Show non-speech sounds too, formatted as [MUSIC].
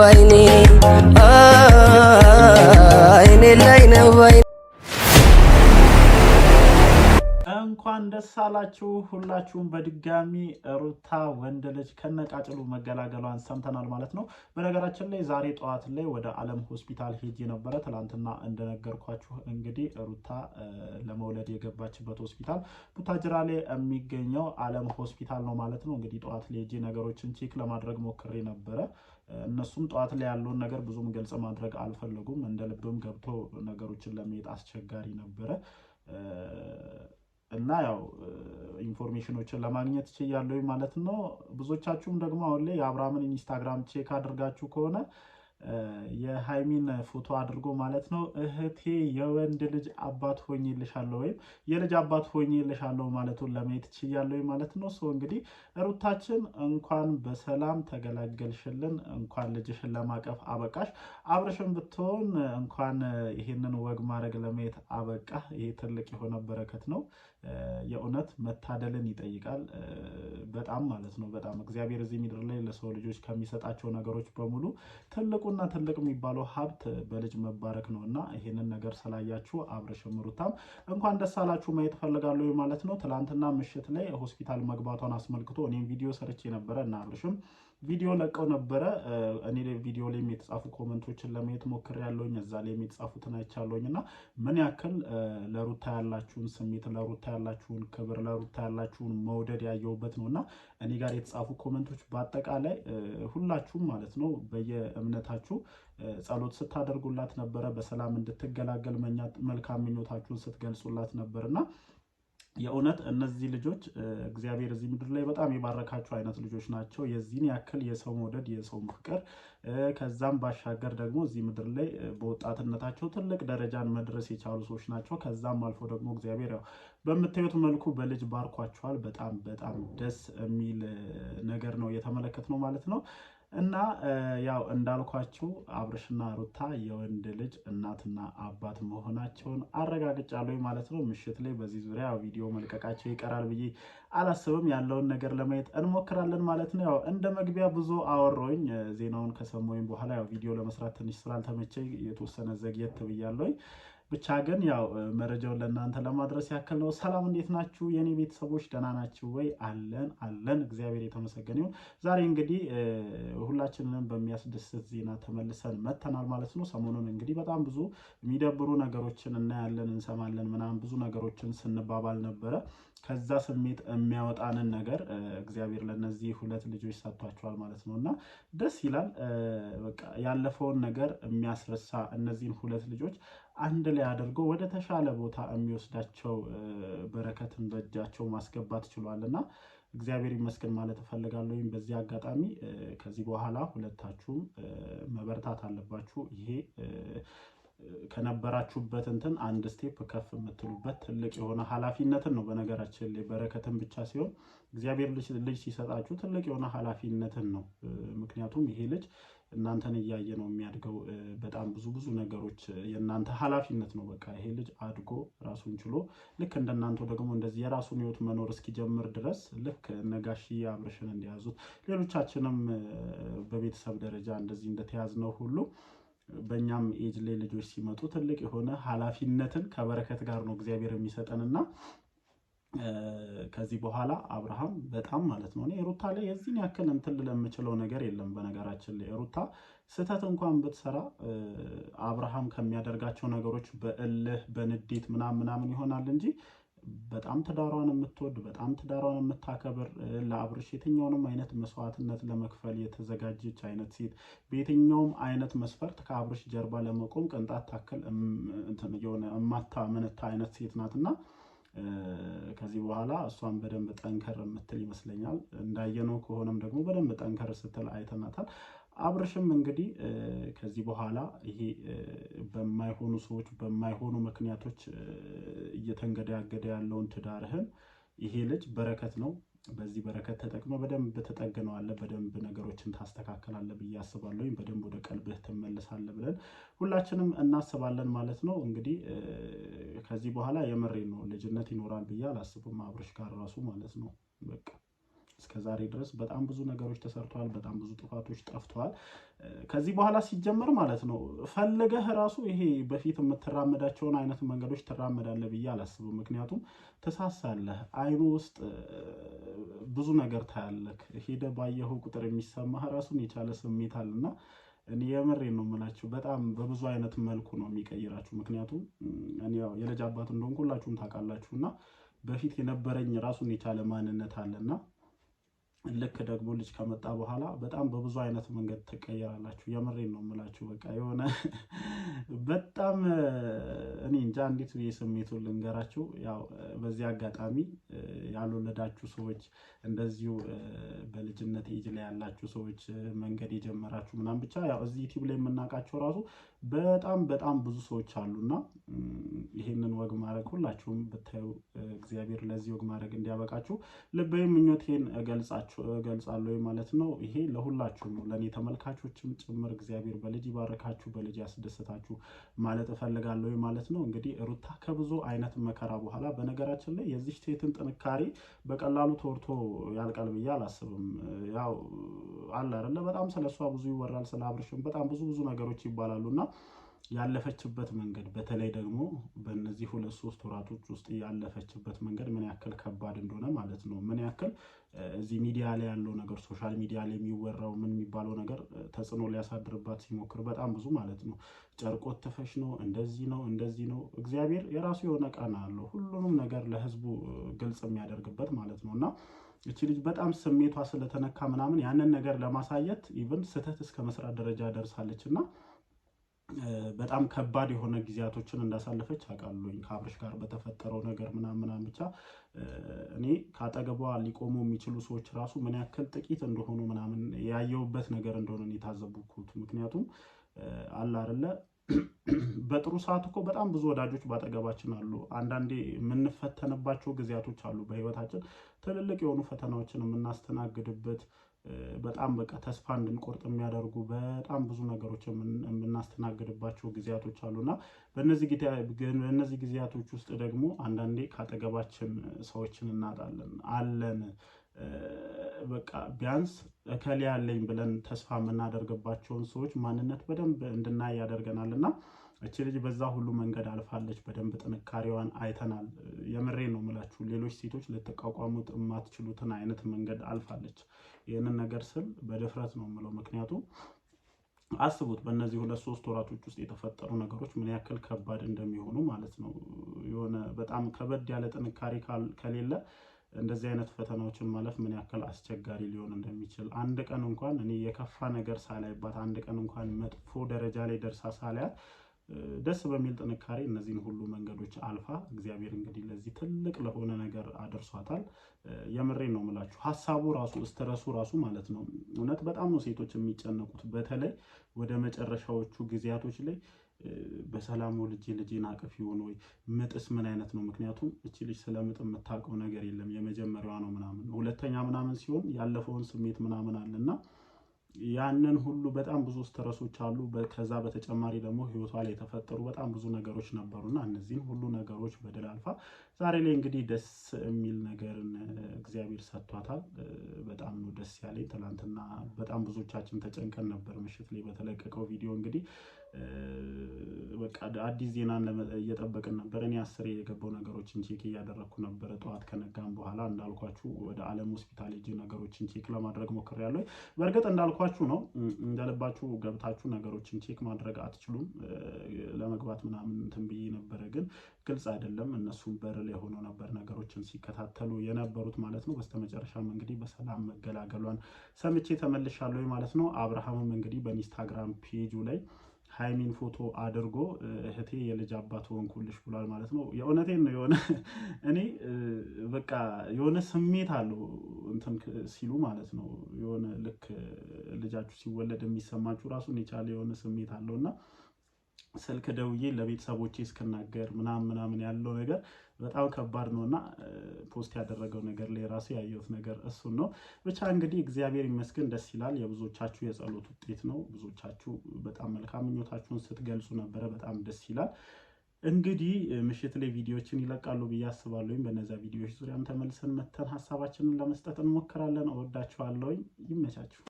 ባይኔ አይኔ ላይ ነው ባይኔ። እንኳን ደስ አላችሁ ሁላችሁም። በድጋሚ ሩታ ወንድ ልጅ ከነቃጭሉ መገላገሏን ሰምተናል ማለት ነው። በነገራችን ላይ ዛሬ ጠዋት ላይ ወደ አለም ሆስፒታል ሄጄ ነበረ። ትናንትና እንደነገርኳችሁ እንግዲህ ሩታ ለመውለድ የገባችበት ሆስፒታል ቡታጅራ ላይ የሚገኘው አለም ሆስፒታል ነው ማለት ነው። እንግዲህ ጠዋት ላይ ሄጄ ነገሮችን ቼክ ለማድረግ ሞክሬ ነበረ። እነሱም ጠዋት ላይ ያለውን ነገር ብዙም ገልጽ ማድረግ አልፈለጉም። እንደ ልብም ገብቶ ነገሮችን ለመሄድ አስቸጋሪ ነበረ እና ያው ኢንፎርሜሽኖችን ለማግኘት ችያለሁ ማለት ነው። ብዙዎቻችሁም ደግሞ አሁን ላይ የአብርሃምን ኢንስታግራም ቼክ አድርጋችሁ ከሆነ የሀይሚን ፎቶ አድርጎ ማለት ነው። እህቴ የወንድ ልጅ አባት ሆኜልሻለሁ ወይም የልጅ አባት ሆኜልሻለሁ ማለቱን ለማየት ችያለሁ ማለት ነው። ሰው እንግዲህ ሩታችን እንኳን በሰላም ተገላገልሽልን፣ እንኳን ልጅሽን ለማቀፍ አበቃሽ። አብረሽን ብትሆን እንኳን ይሄንን ወግ ማድረግ ለማየት አበቃ። ይሄ ትልቅ የሆነ በረከት ነው። የእውነት መታደልን ይጠይቃል። በጣም ማለት ነው በጣም እግዚአብሔር እዚህ ምድር ላይ ለሰው ልጆች ከሚሰጣቸው ነገሮች በሙሉ ትልቁና ትልቅ የሚባለው ሀብት በልጅ መባረክ ነው እና ይህንን ነገር ስላያችሁ አብርሽም ሩታም እንኳን ደስ አላችሁ ማየት ፈልጋለሁ ማለት ነው። ትላንትና ምሽት ላይ ሆስፒታል መግባቷን አስመልክቶ እኔም ቪዲዮ ሰርቼ ነበረ እና አብርሽም ቪዲዮ ለቀው ነበረ። እኔ ቪዲዮ ላይ የተጻፉ ኮመንቶችን ለማየት ያለውኝ እዛ ላይ የተጻፉትን አይቻለሁኝ እና ምን ያክል ለሩታ ያላችሁን ስሜት፣ ለሩታ ያላችሁን ክብር፣ ለሩታ ያላችሁን መውደድ ያየውበት ነው እና እኔ ጋር የተጻፉ ኮመንቶች በአጠቃላይ ሁላችሁም ማለት ነው በየእምነታችሁ ጸሎት ስታደርጉላት ነበረ። በሰላም እንድትገላገል መልካም ምኞታችሁን ስትገልጹላት ነበር እና የእውነት እነዚህ ልጆች እግዚአብሔር እዚህ ምድር ላይ በጣም የባረካቸው አይነት ልጆች ናቸው። የዚህን ያክል የሰው መውደድ፣ የሰው ፍቅር ከዛም ባሻገር ደግሞ እዚህ ምድር ላይ በወጣትነታቸው ትልቅ ደረጃን መድረስ የቻሉ ሰዎች ናቸው። ከዛም አልፎ ደግሞ እግዚአብሔር ያው በምታዩት መልኩ በልጅ ባርኳቸዋል። በጣም በጣም ደስ የሚል ነገር ነው የተመለከት ነው ማለት ነው። እና ያው እንዳልኳችሁ አብርሽና ሩታ የወንድ ልጅ እናትና አባት መሆናቸውን አረጋግጫለሁ ማለት ነው። ምሽት ላይ በዚህ ዙሪያ ቪዲዮ መልቀቃቸው ይቀራል ብዬ አላስብም። ያለውን ነገር ለማየት እንሞክራለን ማለት ነው። ያው እንደ መግቢያ ብዙ አወሮኝ ዜናውን ከሰማሁኝ በኋላ ያው ቪዲዮ ለመስራት ትንሽ ስላልተመቸኝ የተወሰነ ዘግየት ብያለሁኝ። ብቻ ግን ያው መረጃውን ለእናንተ ለማድረስ ያክል ነው። ሰላም እንዴት ናችሁ የእኔ ቤተሰቦች? ደህና ናችሁ ወይ? አለን አለን፣ እግዚአብሔር የተመሰገነ ይሁን። ዛሬ እንግዲህ ሁላችንንም በሚያስደስት ዜና ተመልሰን መተናል ማለት ነው። ሰሞኑን እንግዲህ በጣም ብዙ የሚደብሩ ነገሮችን እናያለን፣ እንሰማለን፣ ምናምን ብዙ ነገሮችን ስንባባል ነበረ። ከዛ ስሜት የሚያወጣንን ነገር እግዚአብሔር ለእነዚህ ሁለት ልጆች ሰጥቷቸዋል ማለት ነው እና ደስ ይላል። በቃ ያለፈውን ነገር የሚያስረሳ እነዚህን ሁለት ልጆች አንድ ላይ አድርጎ ወደ ተሻለ ቦታ የሚወስዳቸው በረከትን በእጃቸው ማስገባት ችሏል እና እግዚአብሔር ይመስገን ማለት እፈልጋለሁ። ወይም በዚህ አጋጣሚ ከዚህ በኋላ ሁለታችሁም መበርታት አለባችሁ። ይሄ ከነበራችሁበት እንትን አንድ ስቴፕ ከፍ የምትሉበት ትልቅ የሆነ ኃላፊነትን ነው። በነገራችን ላይ በረከትን ብቻ ሲሆን እግዚአብሔር ልጅ ሲሰጣችሁ ትልቅ የሆነ ኃላፊነትን ነው። ምክንያቱም ይሄ ልጅ እናንተን እያየ ነው የሚያድገው። በጣም ብዙ ብዙ ነገሮች የእናንተ ኃላፊነት ነው። በቃ ይሄ ልጅ አድጎ ራሱን ችሎ ልክ እንደናንተው ደግሞ እንደዚህ የራሱን ህይወት መኖር እስኪጀምር ድረስ ልክ ነጋሽ አብርሽን እንደያዙት ሌሎቻችንም በቤተሰብ ደረጃ እንደዚህ እንደተያዝነው ሁሉ በእኛም ኤጅ ላይ ልጆች ሲመጡ ትልቅ የሆነ ኃላፊነትን ከበረከት ጋር ነው እግዚአብሔር የሚሰጠን እና። ከዚህ በኋላ አብርሃም በጣም ማለት ነው እኔ ሩታ ላይ የዚህን ያክል እንትን ልል የምችለው ነገር የለም። በነገራችን ላይ ሩታ ስህተት እንኳን ብትሰራ አብርሃም ከሚያደርጋቸው ነገሮች በእልህ በንዴት ምናምን ምናምን ይሆናል እንጂ በጣም ትዳሯን የምትወድ በጣም ትዳሯን የምታከብር ለአብርሽ የትኛውንም አይነት መስዋዕትነት ለመክፈል የተዘጋጀች አይነት ሴት በየትኛውም አይነት መስፈርት ከአብርሽ ጀርባ ለመቆም ቅንጣት ታክል የሆነ የማታመነታ አይነት ሴት ናት እና ከዚህ በኋላ እሷን በደንብ ጠንከር የምትል ይመስለኛል። እንዳየነው ከሆነም ደግሞ በደንብ ጠንከር ስትል አይተናታል። አብርሽም እንግዲህ ከዚህ በኋላ ይሄ በማይሆኑ ሰዎች በማይሆኑ ምክንያቶች እየተንገዳገደ ያለውን ትዳርህን ይሄ ልጅ በረከት ነው። በዚህ በረከት ተጠቅመ በደንብ ተጠግነዋለ፣ በደንብ ነገሮችን ታስተካከላለ ብዬ አስባለሁኝ። በደንብ ወደ ቀልብህ ትመልሳለ ብለን ሁላችንም እናስባለን ማለት ነው። እንግዲህ ከዚህ በኋላ የምሬ ነው ልጅነት ይኖራል ብዬ አላስብም አብርሽ ጋር ራሱ ማለት ነው በቃ እስከ ዛሬ ድረስ በጣም ብዙ ነገሮች ተሰርተዋል። በጣም ብዙ ጥፋቶች ጠፍተዋል። ከዚህ በኋላ ሲጀመር ማለት ነው ፈልገህ ራሱ ይሄ በፊት የምትራመዳቸውን አይነት መንገዶች ትራመዳለህ ብዬ አላስብም። ምክንያቱም ትሳሳለህ፣ አይኑ ውስጥ ብዙ ነገር ታያለህ። ሄደ ባየኸው ቁጥር የሚሰማህ ራሱን የቻለ ስሜት አለና እኔ የምሬ ነው የምላችሁ፣ በጣም በብዙ አይነት መልኩ ነው የሚቀይራችሁ። ምክንያቱም እኔ ያው የልጅ አባት እንደሆን ሁላችሁም ታውቃላችሁ እና በፊት የነበረኝ ራሱን የቻለ ማንነት አለና ልክ ደግሞ ልጅ ከመጣ በኋላ በጣም በብዙ አይነት መንገድ ትቀየራላችሁ። የምሬን ነው የምላችሁ። በቃ የሆነ [LAUGHS] በጣም እኔ እንጃ እንዴት ብዬ ስሜቱን ልንገራችሁ። ያው በዚህ አጋጣሚ ያልወለዳችሁ ሰዎች፣ እንደዚሁ በልጅነት ኤጅ ላይ ያላችሁ ሰዎች፣ መንገድ የጀመራችሁ ምናምን ብቻ ያው እዚህ ዩቲዩብ ላይ የምናውቃቸው ራሱ በጣም በጣም ብዙ ሰዎች አሉና ይህንን ወግ ማድረግ ሁላችሁም ብታዩ እግዚአብሔር ለዚህ ወግ ማድረግ እንዲያበቃችሁ ልበይ ምኞቴን እገልጻለሁ ማለት ነው። ይሄ ለሁላችሁም ነው፣ ለእኔ ተመልካቾችም ጭምር እግዚአብሔር በልጅ ይባረካችሁ፣ በልጅ ያስደሰታችሁ ማለት እፈልጋለሁ ማለት ነው። እንግዲህ ሩታ ከብዙ አይነት መከራ በኋላ በነገራችን ላይ የዚች ሴትን ጥንካሬ በቀላሉ ተወርቶ ያልቃል ብዬ አላስብም። ያው አለ አይደለ፣ በጣም ስለሷ ብዙ ይወራል፣ ስለ አብርሽም በጣም ብዙ ብዙ ነገሮች ይባላሉና ያለፈችበት መንገድ በተለይ ደግሞ በእነዚህ ሁለት ሶስት ወራቶች ውስጥ ያለፈችበት መንገድ ምን ያክል ከባድ እንደሆነ ማለት ነው። ምን ያክል እዚህ ሚዲያ ላይ ያለው ነገር ሶሻል ሚዲያ ላይ የሚወራው ምን የሚባለው ነገር ተጽዕኖ ሊያሳድርባት ሲሞክር በጣም ብዙ ማለት ነው። ጨርቆት ተፈሽ ነው፣ እንደዚህ ነው፣ እንደዚህ ነው። እግዚአብሔር የራሱ የሆነ ቀና አለው ሁሉንም ነገር ለህዝቡ ግልጽ የሚያደርግበት ማለት ነው እና እቺ ልጅ በጣም ስሜቷ ስለተነካ ምናምን ያንን ነገር ለማሳየት ኢቨን ስህተት እስከ መስራት ደረጃ ደርሳለች እና በጣም ከባድ የሆነ ጊዜያቶችን እንዳሳለፈች አውቃለሁኝ። ከአብርሽ ጋር በተፈጠረው ነገር ምናምን ምናምን ብቻ እኔ ከአጠገቧ ሊቆሙ የሚችሉ ሰዎች ራሱ ምን ያክል ጥቂት እንደሆኑ ምናምን ያየሁበት ነገር እንደሆነ የታዘብኩት ምክንያቱም አላ አይደለ በጥሩ ሰዓት እኮ በጣም ብዙ ወዳጆች ባጠገባችን አሉ። አንዳንዴ የምንፈተንባቸው ጊዜያቶች አሉ። በህይወታችን ትልልቅ የሆኑ ፈተናዎችን የምናስተናግድበት በጣም በቃ ተስፋ እንድንቆርጥ የሚያደርጉ በጣም ብዙ ነገሮች የምናስተናግድባቸው ጊዜያቶች አሉና በእነዚህ ጊዜያቶች ውስጥ ደግሞ አንዳንዴ ከአጠገባችን ሰዎችን እናጣለን አለን በቃ ቢያንስ እከሌ ያለኝ ብለን ተስፋ የምናደርግባቸውን ሰዎች ማንነት በደንብ እንድናይ ያደርገናል። እና እቺ ልጅ በዛ ሁሉ መንገድ አልፋለች። በደንብ ጥንካሬዋን አይተናል። የምሬ ነው የምላችሁ፣ ሌሎች ሴቶች ልትቋቋሙት የማትችሉትን አይነት መንገድ አልፋለች። ይህንን ነገር ስል በድፍረት ነው የምለው፣ ምክንያቱም አስቡት በእነዚህ ሁለት ሶስት ወራቶች ውስጥ የተፈጠሩ ነገሮች ምን ያክል ከባድ እንደሚሆኑ ማለት ነው። የሆነ በጣም ከበድ ያለ ጥንካሬ ከሌለ እንደዚህ አይነት ፈተናዎችን ማለፍ ምን ያክል አስቸጋሪ ሊሆን እንደሚችል አንድ ቀን እንኳን እኔ የከፋ ነገር ሳላይባት አንድ ቀን እንኳን መጥፎ ደረጃ ላይ ደርሳ ሳላያት ደስ በሚል ጥንካሬ እነዚህን ሁሉ መንገዶች አልፋ እግዚአብሔር እንግዲህ ለዚህ ትልቅ ለሆነ ነገር አድርሷታል። የምሬ ነው የምላችሁ። ሀሳቡ ራሱ እስትረሱ ራሱ ማለት ነው እውነት በጣም ነው ሴቶች የሚጨነቁት በተለይ ወደ መጨረሻዎቹ ጊዜያቶች ላይ በሰላም ወልጄ ልጄን አቅፍ ይሆን ወይ? ምጥስ ምን አይነት ነው? ምክንያቱም እቺ ልጅ ስለምጥ የምታውቀው ነገር የለም። የመጀመሪያዋ ነው ምናምን ሁለተኛ ምናምን ሲሆን ያለፈውን ስሜት ምናምን አለና ያንን ሁሉ በጣም ብዙ ስትረሶች አሉ። ከዛ በተጨማሪ ደግሞ ህይወቷ ላይ የተፈጠሩ በጣም ብዙ ነገሮች ነበሩና እነዚህን ሁሉ ነገሮች በድል አልፋ ዛሬ ላይ እንግዲህ ደስ የሚል ነገርን እግዚአብሔር ሰጥቷታል። በጣም ነው ደስ ያለኝ። ትናንትና በጣም ብዙዎቻችን ተጨንቀን ነበር። ምሽት ላይ በተለቀቀው ቪዲዮ እንግዲህ በቃ አዲስ ዜናን እየጠበቅን ነበር። እኔ አስሬ የገባው ነገሮችን ቼክ እያደረግኩ ነበረ። ጠዋት ከነጋም በኋላ እንዳልኳችሁ ወደ አለም ሆስፒታል ሄጄ ነገሮችን ቼክ ለማድረግ ሞክሬያለሁ። በእርግጥ እንዳልኳችሁ ነው። እንደልባችሁ ገብታችሁ ነገሮችን ቼክ ማድረግ አትችሉም። ለመግባት ምናምን እንትን ብዬ ነበረ፣ ግን ግልጽ አይደለም እነሱም በር ላይ ሆነው ነበር ነገሮችን ሲከታተሉ የነበሩት ማለት ነው። በስተመጨረሻም እንግዲህ በሰላም መገላገሏን ሰምቼ ተመልሻለሁ ማለት ነው። አብርሃምም እንግዲህ በኢንስታግራም ፔጁ ላይ ሀይሚን ፎቶ አድርጎ እህቴ የልጅ አባት ሆንኩልሽ ብሏል ማለት ነው። የእውነቴን ነው። የሆነ [LAUGHS] እኔ በቃ የሆነ ስሜት አለው እንትን ሲሉ ማለት ነው። የሆነ ልክ ልጃችሁ ሲወለድ የሚሰማችሁ ራሱን የቻለ የሆነ ስሜት አለው እና ስልክ ደውዬ ለቤተሰቦቼ እስክናገር ምናምን ምናምን ያለው ነገር በጣም ከባድ ነው እና ፖስት ያደረገው ነገር ላይ ራሱ ያየሁት ነገር እሱን ነው። ብቻ እንግዲህ እግዚአብሔር ይመስገን ደስ ይላል። የብዙዎቻችሁ የጸሎት ውጤት ነው። ብዙዎቻችሁ በጣም መልካም ምኞታችሁን ስትገልጹ ነበረ። በጣም ደስ ይላል። እንግዲህ ምሽት ላይ ቪዲዮዎችን ይለቃሉ ብዬ አስባለሁኝ። በነዚያ ቪዲዮዎች ዙሪያም ተመልሰን መተን ሀሳባችንን ለመስጠት እንሞክራለን። እወዳችኋለሁኝ። ይመቻችሁ።